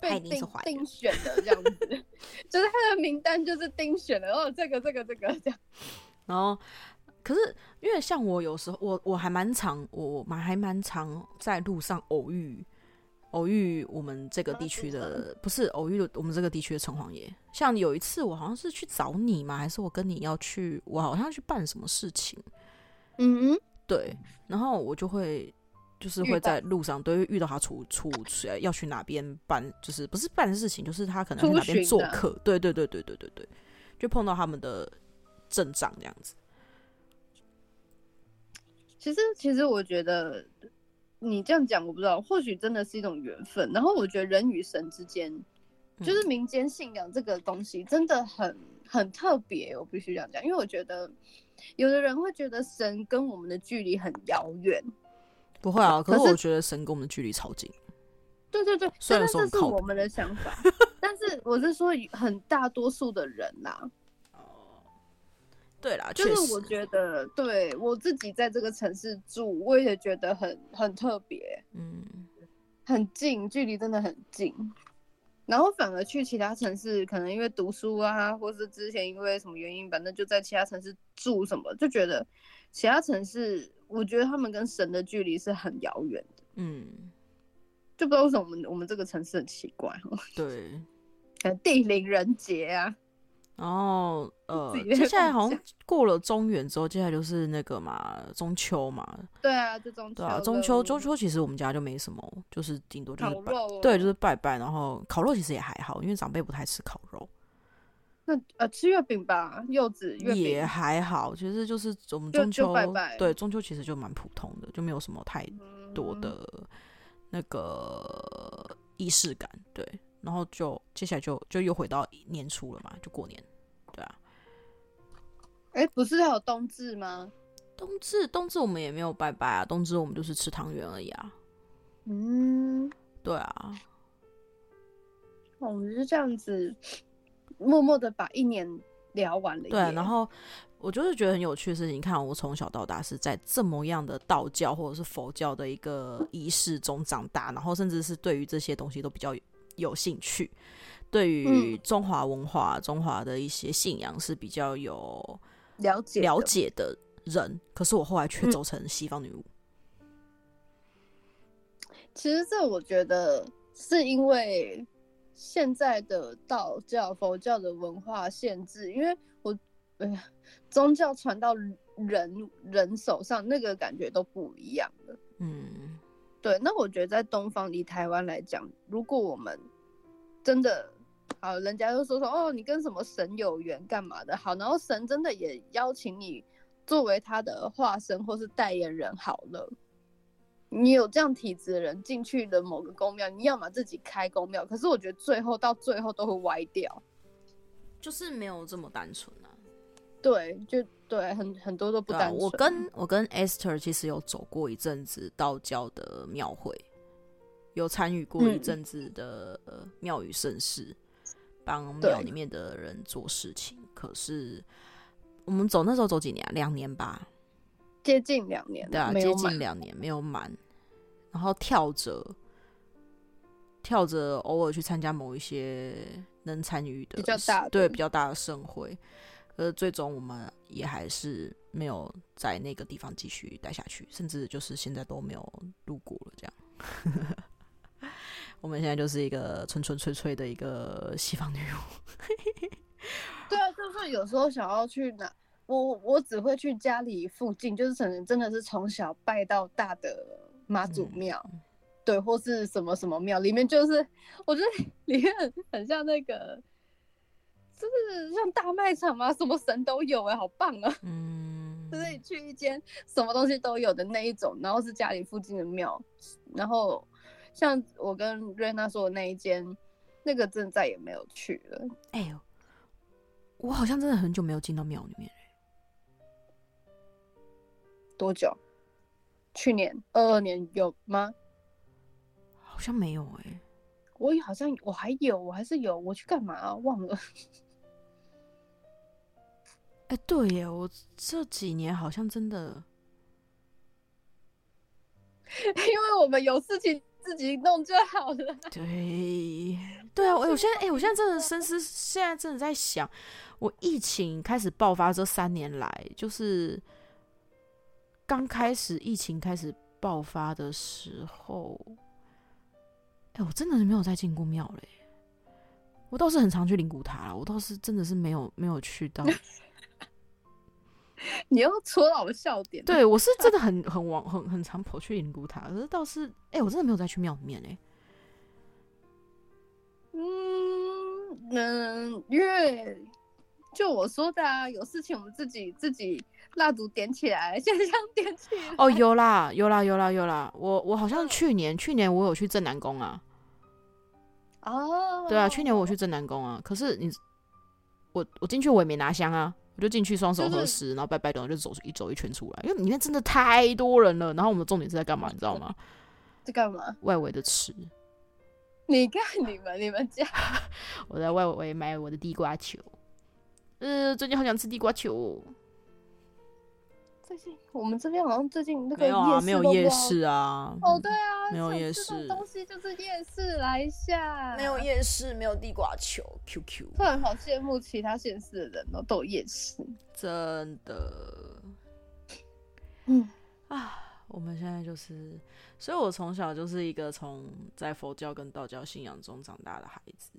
被定，定，人被定，定，人定選的這樣子？(laughs) 就是他的名單就是定選的，(laughs) 哦，這個這個這個這樣，然後。可是，因為像我有時候我我還蠻常我蠻還蠻常在路上偶遇偶遇我們這個地區的不是偶遇的我們這個地區的城隍爺。像有一次我好像是去找你嘛，還是我跟你要去，我好像去辦什麼事情？嗯對。然後我就會就是會在路上都遇到他出出要去哪邊辦，就是不是辦事情，就是他可能去哪邊做客。對對對對對對對，就碰到他們的陣仗這樣子。其實，其實我覺得你這樣講，我不知道，或許真的是一種緣分。然後，我覺得人與神之間，就是民間信仰這個東西，真的很很特別。我必須這樣講，因為我覺得有的人會覺得神跟我們的距離很遙遠，不會啊。可是，可是我覺得神跟我們的距離超近。對對對，雖然這是我們的想法，(laughs) 但是我是說很大多數的人吶、啊。對啦，就是我覺得對我自己在這個城市住，我也覺得很很特別，嗯，很近，距離真的很近。然後反而去其他城市，可能因為讀書啊，或是之前因為什麼原因，反正就在其他城市住什麼，就覺得其他城市我覺得他們跟神的距離是很遙遠的，嗯，就不知道為什麼我們我們這個城市很奇怪哦，對，可能地靈人傑啊。然後呃，接下來好像過了中元之後，接下來就是那個嘛，中秋嘛。對啊，就中秋。對啊，中秋，中秋其實我們家就沒什麼，就是頂多就是拜。對，就是拜拜。然後烤肉其實也還好，因為長輩不太吃烤肉。那呃，吃月餅吧，柚子月餅也還好。其實就是我們中秋，拜拜。對，中秋其實就蠻普通的，就沒有什麼太多的那個儀式感，對。然後就接下來就就又回到年初了嘛，就過年，對啊。哎、欸，不是還有冬至嗎？冬至，冬至我們也沒有拜拜啊，冬至我們就是吃湯圓而已啊。嗯，對啊。我、哦、們是這樣子默默的把一年聊完了。對、啊，然後我就是覺得很有趣的事情。你看，我從小到大是在這麼樣的道教或者是佛教的一個儀式中長大，(laughs) 然後甚至是對於這些東西都比較。有興趣，對於中華文化，嗯，中華的一些信仰是比較有了解了解的人，可是我後來卻走成西方女巫。嗯。其實這我覺得是因為現在的道教、佛教的文化限制，因為我，呃，宗教傳到人人手上，那個感覺都不一樣的，嗯。對，那我覺得在東方，離台灣來講，如果我們真的好，人家就說說哦，你跟什麼神有緣幹嘛的，好，然後神真的也邀請你作為他的化身或是代言人好了。你有這樣體質的人，進去了某個宮廟，你要嘛自己開宮廟，可是我覺得最後到最後都會歪掉，就是沒有這麼單純啊。對，就對，很很多都不單純，啊。我跟我跟 Esther 其實有走過一陣子道教的廟會，有參與過一陣子的嗯、呃、廟宇盛事，幫廟裡面的人做事情。可是我們走那時候走幾年啊？兩年吧，接近兩年。對啊，接近兩年沒有滿，然後跳着跳着，偶爾去參加某一些能參與的比較大，對比較大的盛會。可是最終我們也還是沒有在那個地方繼續待下去，甚至就是現在都沒有路過了。這樣，(laughs) 我們現在就是一個純純粹粹的一個西方女巫 (laughs)。對啊，就是有時候想要去哪，我我只會去家裡附近，就是可能真的是從小拜到大的媽祖廟，嗯，對，或是什麼什麼廟，裡面就是我覺得裡面很，很像那個。就是像大賣場嘛，什麼神都有，哎、欸，好棒啊！嗯，就是你去一間什麼東西都有的那一種，然後是家裡附近的廟，然後像我跟瑞娜說的那一間，那個真的再也沒有去了。哎呦，我好像真的很久沒有進到廟裡面。多久？去年二二年有嗎？好像沒有，哎、欸，我好像，我還有，我還是有，我去幹嘛啊？忘了。哎、欸，對耶！我這幾年好像真的，因為我們有事情自己弄就好了。對，對啊！(laughs) 欸、我現在哎、欸，我現在真的深思，現在真的在想，我疫情開始爆發這三年來，就是剛開始疫情開始爆發的時候，哎、欸，我真的是沒有再進過廟嘞。我倒是很常去靈骨塔，我倒是真的是沒有沒有去到。(laughs) 你又戳到我笑點。對 (laughs) 我是真的很很往很很常跑去靈骨塔，可是倒是哎、欸，我真的沒有再去廟裡面哎、欸。嗯，能、嗯，因為就我說的啊，有事情我們自己自己蠟燭點起來，香點起來。哦、oh,，有啦有啦有啦有啦，我我好像去年、嗯、去年我有去正南宮啊。哦、oh.，對啊，去年我去正南宮啊，可是你我我進去我也沒拿香啊。我就進去，雙手合十，就是，然後拜拜，然後就走一走一圈出來，因為裡面真的太多人了。然後我們的重點是在幹嘛，你知道嗎？在幹嘛？外圍的吃。你看你們，你們家，(laughs) 我在外圍買我的地瓜球。呃，最近好想吃地瓜球。最近我們這邊好像最近那個夜市都沒有啊，沒有夜市啊。哦，對啊，嗯、沒有夜市。吃東西就是夜市來一下，沒有夜市，沒有地瓜球。Q Q，突然好羨慕其他縣市的人哦，都有夜市。真的。嗯啊，我們現在就是，所以我從小就是一個從在佛教跟道教信仰中長大的孩子。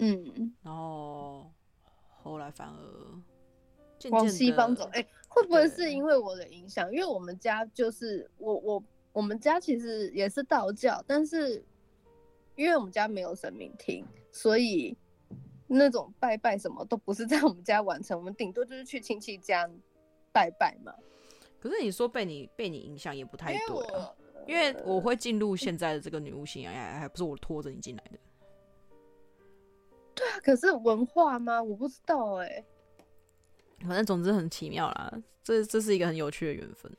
嗯，然後後來反而。往西方走，哎、欸，會不會是因為我的影響？因為我們家就是我我我們家其實也是道教，但是因為我們家沒有神明廳，所以那種拜拜什麼都不是在我們家完成，我們頂多就是去親戚家拜拜嘛。可是你說被你被你影響也不太對啊，因為我，因為我會進入現在的這個女巫信仰、呃，還不是我拖着你進來的。對啊，可是文化嗎？我不知道哎、欸。反正總之很奇妙啦，這這是一個很有趣的緣分、啊。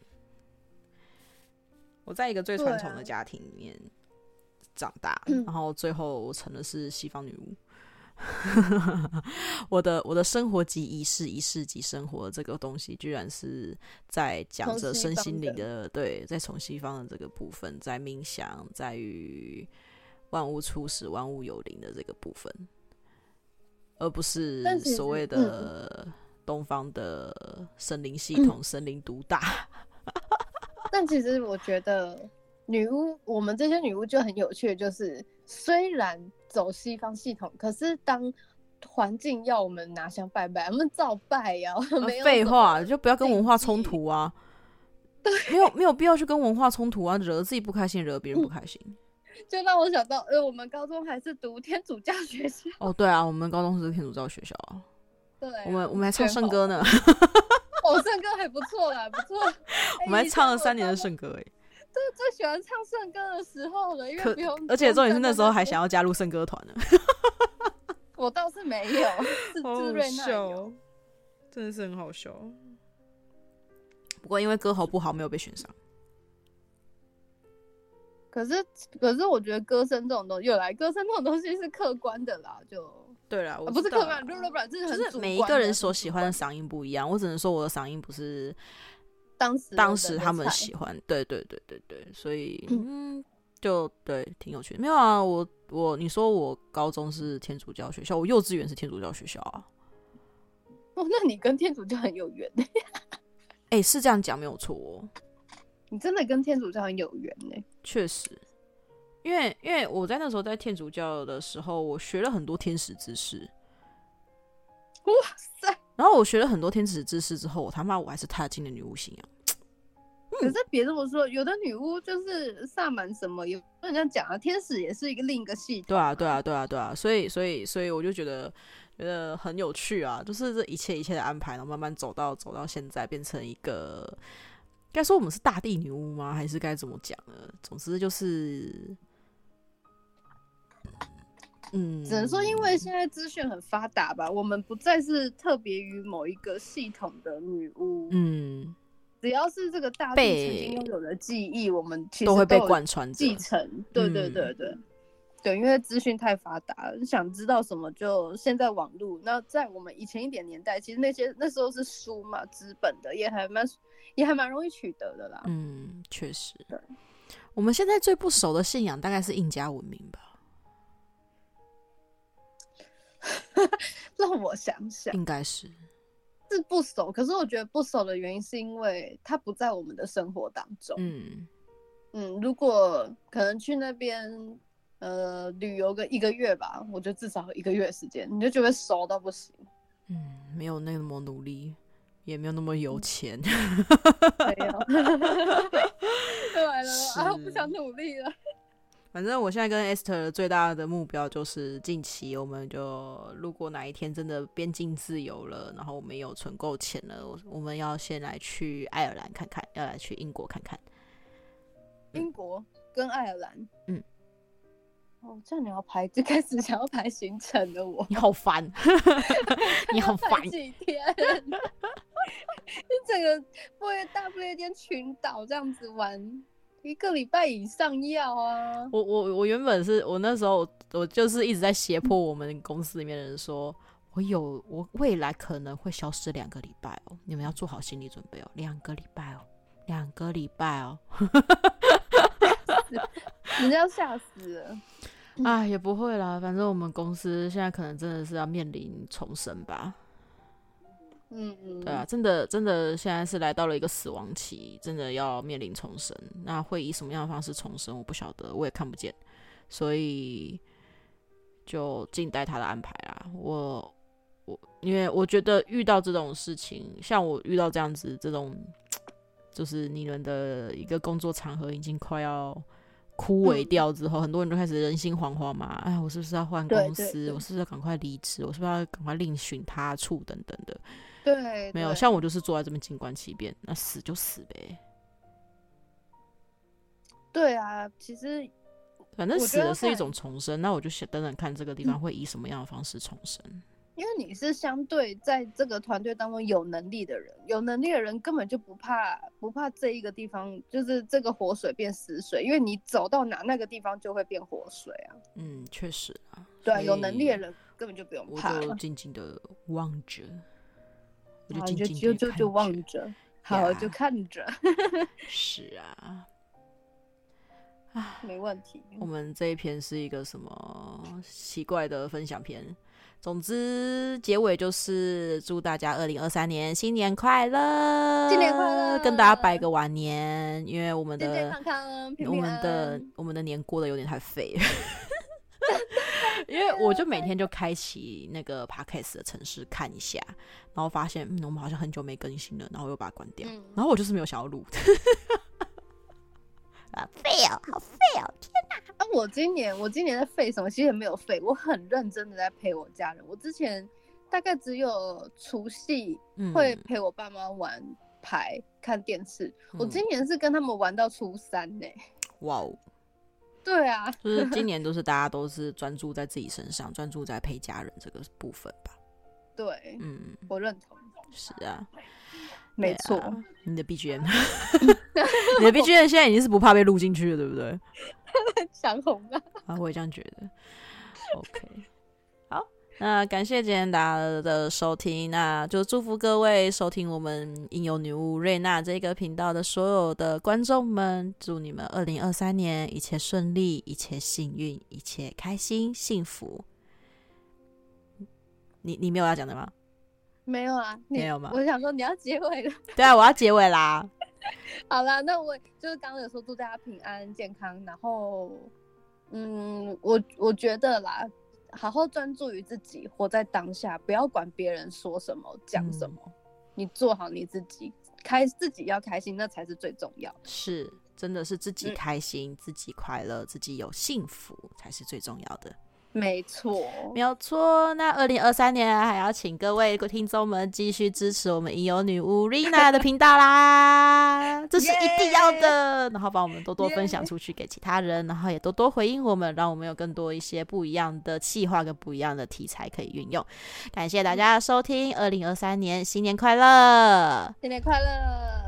我在一個最傳統的家庭裡面長大，嗯、然後最後我成了是西方女巫。(laughs) 我的我的生活及儀式，儀式及生活這個東西，居然是在講着身心靈的，的，對，在從西方的這個部分，在冥想，在於萬物初始、萬物有靈的這個部分，而不是所謂的。東方的神靈系統，嗯、神靈獨大。(laughs) 但其實我覺得女巫，我們這些女巫就很有趣，就是雖然走西方系統，可是當環境要我們拿香拜拜，我們照拜呀，啊。沒有廢話，就不要跟文化衝突啊。沒有沒有必要去跟文化衝突啊，惹自己不開心，惹別人不開心，嗯。就讓我想到，呃，我們高中還是讀天主教學校。哦，對啊，我們高中是天主教學校啊。對啊、我們我們還唱聖歌呢，我聖 (laughs)、哦、歌還不錯啦，不錯 (laughs)、欸。我們還唱了三年的聖歌哎，最最喜歡唱聖歌的時候了，因為不用，而且重點是那時候還想要加入聖歌團呢。(laughs) 我倒是沒有，是瑞奈有，真的是很好笑。不過因為歌喉不好，沒有被選上。可是可是，我覺得歌聲這種東西，有來，歌聲這種東西是客觀的啦，就。對了、啊，我、啊、不是客觀，就是每一個人所喜歡的嗓音不一樣。我只能說我的嗓音不是當時當時他們喜歡。對對對對對，所以嗯，就對，挺有趣的。沒有啊，我我你說我高中是天主教學校，我幼稚園是天主教學校啊。哦，那你跟天主教很有緣。哎、欸，是這樣講沒有錯、哦。你真的跟天主教很有緣呢、欸。確實。因為因為我在那時候在天主教的時候，我學了很多天使知識。哇塞！然後我學了很多天使知識之後，我他媽我還是踏進了女巫行啊。可是別這麼說，有的女巫就是薩滿什麼，也不能這樣講啊。天使也是一個另一個系統啊。對啊，對啊，對啊，對啊。所以，所以，所以我就覺得，覺得很有趣啊。就是這一切一切的安排，然後慢慢走到走到現在，變成一個，該說我們是大地女巫嗎？還是該怎麼講呢？總之就是。嗯，只能說因為現在資訊很發達吧、嗯，我們不再是特別於某一個系統的女巫。嗯，只要是這個大地曾經擁有的記憶，我們其實都,都會被貫穿繼承。對對對對，嗯、對，因為資訊太發達了，想知道什麼就現在網絡。那在我們以前一點年代，其實那些那時候是書嘛，紙本的也還蠻也還蠻容易取得的啦。嗯，確實。對，我們現在最不熟的信仰大概是印加文明吧。(laughs) 讓我想想，應該是是不熟，可是我覺得不熟的原因是因為他不在我們的生活當中。嗯嗯，如果可能去那邊呃旅遊個一個月吧，我覺得至少一個月時間你就覺得熟到不行。嗯，沒有那麼努力，也沒有那麼有錢。沒、嗯 (laughs) (對)哦、(laughs) 來了是、啊、我不想努力了。反正我現在跟 Esther 最大的目標就是，近期我們就如果哪一天真的邊境自由了，然後我們有存夠錢了我，我們要先來去愛爾蘭看看，要來去英國看看。嗯、英國跟愛爾蘭，嗯。哦、喔，這樣你要排最開始想要排行程的我，你好煩，(laughs) 你好煩(煩)，(laughs) 幾天？(laughs) 你整個不列大不列顛群島這樣子玩？一個禮拜以上要啊！我我我原本是我那時候我，我就是一直在脅迫我們公司裡面的人說，說我有我未來可能會消失兩個禮拜哦，你們要做好心理準備哦，兩個禮拜哦，兩個禮拜哦，人家要嚇死了！啊，也不會啦，反正我們公司現在可能真的是要面臨重生吧。嗯，嗯，對啊，真的，真的，現在是來到了一個死亡期，真的要面臨重生。那會以什麼樣的方式重生，我不曉得，我也看不見，所以就靜待他的安排啦。我，我，因為我覺得遇到這種事情，像我遇到這樣子，這種就是你們的一個工作場合已經快要枯萎掉之後，嗯、很多人都開始人心惶惶嘛。哎，我是不是要換公司對對對？我是不是要趕快離職？我是不是要趕快另尋他處？等等的。對，沒有像我就是坐在這邊靜觀其變，那死就死唄。對啊，其實反正死的是一種重生，我覺得那我就想等等看這個地方會以什麼樣的方式重生。嗯，因為你是相對在這個團隊當中有能力的人，有能力的人根本就不怕，不怕這一個地方就是這個活水變死水，因為你走到哪，那個地方就會變活水啊。嗯，確實啊，對啊，有能力的人根本就不用怕。就靜靜的望着。我就靜靜看就就就望着，yeah. 好，就看着。(laughs) 是啊，(laughs) 啊，沒問題、啊。我們這一篇是一個什麼奇怪的分享篇。總之，結尾就是祝大家二零二三年新年快樂，新年快樂，跟大家拜個,個晚年，因為我們的我們的我們的,我們的年過得有點太廢了。(laughs) 因為我就每天就開啟那個 podcast 的程式，看一下，然後發現嗯，我們好像很久沒更新了，然後又把它關掉。嗯、然後我就是沒有想要錄。啊，廢哦，好廢哦！天哪！啊，我今年我今年在廢什麼？其實沒有廢，我很認真的在陪我家人。我之前大概只有除夕會陪我爸媽玩牌、看電視、嗯。我今年是跟他們玩到初三呢。哇哦！對啊，就是今年都是大家都是專注在自己身上，專 (laughs) 注在陪家人這個部分吧。對，嗯，我認同。是啊，沒錯、啊。你的 BGM，(laughs)(laughs)你的 BGM 現在已經是不怕被錄進去了，對不對？(laughs) 想紅啊，啊，我也這樣覺得。OK (laughs)。那感謝今天大家的收聽，那就祝福各位收聽我們吟遊女巫瑞娜這個頻道的所有的觀眾們，祝你們二零二三年一切順利，一切幸運，一切開心，幸福。你你沒有要講的嗎？沒有啊，沒有嗎？我想說你要結尾了。對啊，我要結尾啦。(laughs) 好啦，那我就是剛剛有說，祝大家平安健康，然後嗯，我我覺得啦。好好專注於自己，活在當下，不要管別人說什麼講什麼、嗯，你做好你自己，開自己要開心，那才是最重要。是，真的是自己開心、嗯、自己快樂、自己有幸福才是最重要的。沒錯，沒有錯。那二零二三年還要請各位聽眾們繼續支持我們吟遊女巫 Reena 的頻道啦，(laughs) 這是一定要的。Yeah! 然後幫我們多多分享出去給其他人，yeah! 然後也多多回應我們，讓我們有更多一些不一樣的企劃跟不一樣的題材可以運用。感謝大家的收聽，二零二三年新年快樂，新年快樂！